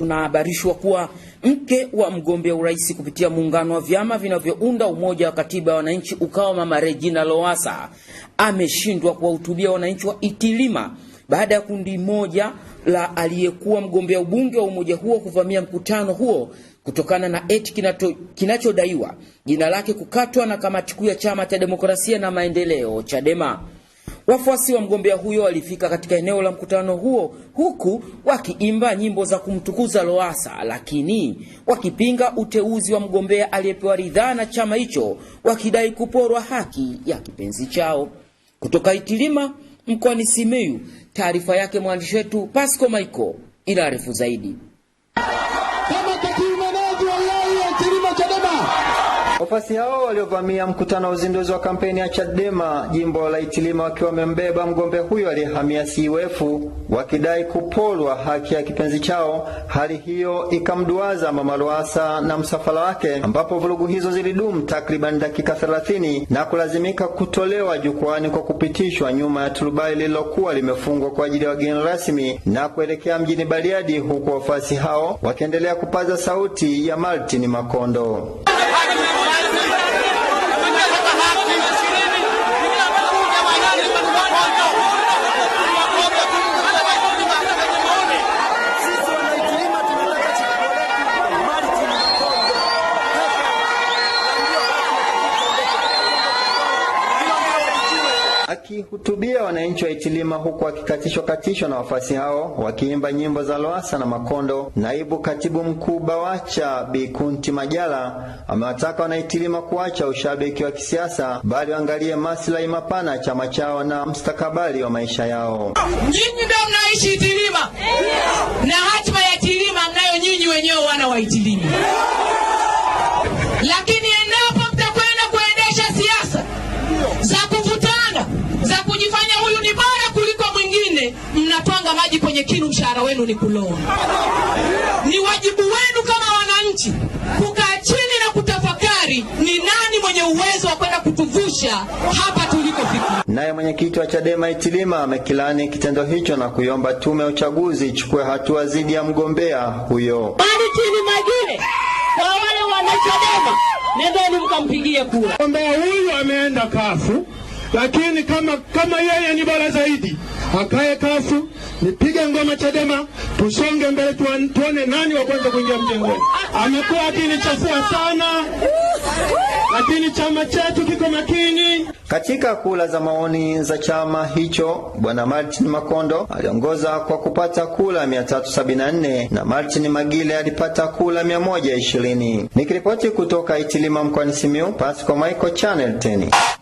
Tunahabarishwa kuwa mke wa mgombea urais kupitia muungano wa vyama vinavyounda umoja wa katiba ya wananchi Ukawa, Mama Regina Lowassa ameshindwa kuwahutubia wananchi wa Itilima baada ya kundi moja la aliyekuwa mgombea ubunge wa umoja huo kuvamia mkutano huo kutokana na eti kinachodaiwa jina lake kukatwa na kamati kuu ya chama cha demokrasia na maendeleo Chadema. Wafuasi wa mgombea huyo walifika katika eneo la mkutano huo huku wakiimba nyimbo za kumtukuza Lowassa, lakini wakipinga uteuzi wa mgombea aliyepewa ridhaa na chama hicho, wakidai kuporwa haki ya kipenzi chao. Kutoka Itilima mkoani Simiyu, taarifa yake mwandishi wetu Pasco Michael inaarifu zaidi. Wafuasi hao waliovamia mkutano wa uzinduzi wa kampeni ya Chadema jimbo la Itilima wakiwa wamembeba mgombea huyo aliyehamia CUF wakidai kupolwa haki ya kipenzi chao. Hali hiyo ikamduaza Mama Lowassa na msafara wake, ambapo vurugu hizo zilidumu takriban dakika 30 na kulazimika kutolewa jukwani kwa kupitishwa nyuma ya turubai lililokuwa limefungwa kwa ajili ya wageni rasmi na kuelekea mjini Bariadi, huku wafuasi hao wakiendelea kupaza sauti ya Martin Makondo. Akihutubia wananchi wa Itilima huku akikatishwa katishwa na wafuasi hao wakiimba nyimbo za loasa na makondo, naibu katibu mkuu BAWACHA Bikunti Majala amewataka wanaitilima kuacha ushabiki wa kisiasa, bali waangalie maslahi mapana ya chama chao na mstakabali wa maisha yao. Nyinyi ndio mnaishi Itilima na hatima ya Itilima mnayo nyinyi wenyewe wana wa Itilima, lakini mnatwanga maji kwenye kinu, mshahara wenu ni kuloa. Ni wajibu wenu kama wananchi kukaa chini na kutafakari ni nani mwenye uwezo wa kwenda kutuvusha hapa tulikofikia. Naye mwenyekiti wa Chadema Itilima amekilani kitendo hicho na kuiomba tume ya uchaguzi ichukue hatua dhidi ya mgombea huyo. chini majini kwa wale wanachadema, nendeni mkampigie kura. Mgombea huyu ameenda kafu lakini kama, kama yeye ni bora zaidi akae kafu, nipige ngoma Chadema, tusonge mbele, tuone nani wa kwanza kuingia mjengoni. Amekuwa akinichafua sana, lakini chama chetu kiko makini. Katika kula za maoni za chama hicho, Bwana Martin Makondo aliongoza kwa kupata kula 374 na Martin Magile alipata kula 120. Nikiripoti kutoka Itilima mkoani Simiyu, Pasco Michael, Channel 10.